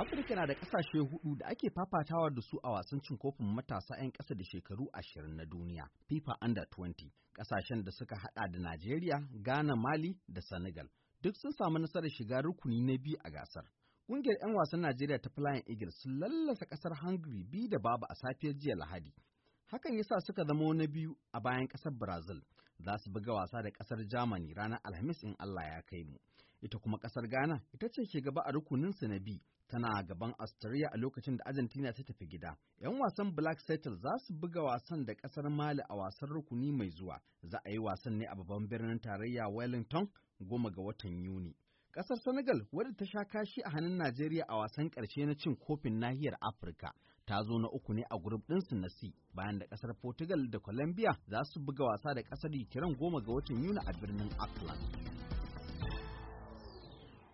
Afirka na da ƙasashe hudu da ake fafatawa da su a wasan cin kofin matasa 'yan ƙasa da shekaru ashirin na duniya, FIFA Under 20, ƙasashen da suka haɗa da Najeriya, Ghana, Mali da Senegal. Duk sun samu nasarar shiga rukuni na biyu a gasar. Ƙungiyar 'yan wasan Najeriya ta Flying Eagles sun lallasa ƙasar Hungary biyu da babu a safiyar jiya Lahadi. Hakan yasa suka zama na biyu a bayan ƙasar Brazil. Za su buga wasa da ƙasar Germany ranar Alhamis in Allah ya kai mu. Ita kuma ƙasar Ghana ita ce ke gaba a rukuninsu na biyu tana gaban Australia a lokacin da Argentina ta tafi gida. 'Yan wasan Black Settle za su buga wasan da ƙasar Mali a wasan rukuni mai zuwa. Za a yi wasan ne a babban birnin tarayya Wellington goma ga watan Yuni. Ƙasar Senegal wadda ta sha kashi a hannun Najeriya a wasan ƙarshe na cin kofin nahiyar Afirka ta zo na uku ne a grup ɗinsu na C bayan da ƙasar Portugal da Colombia za su buga wasa da ƙasar Ukraine goma ga watan Yuni a birnin Auckland.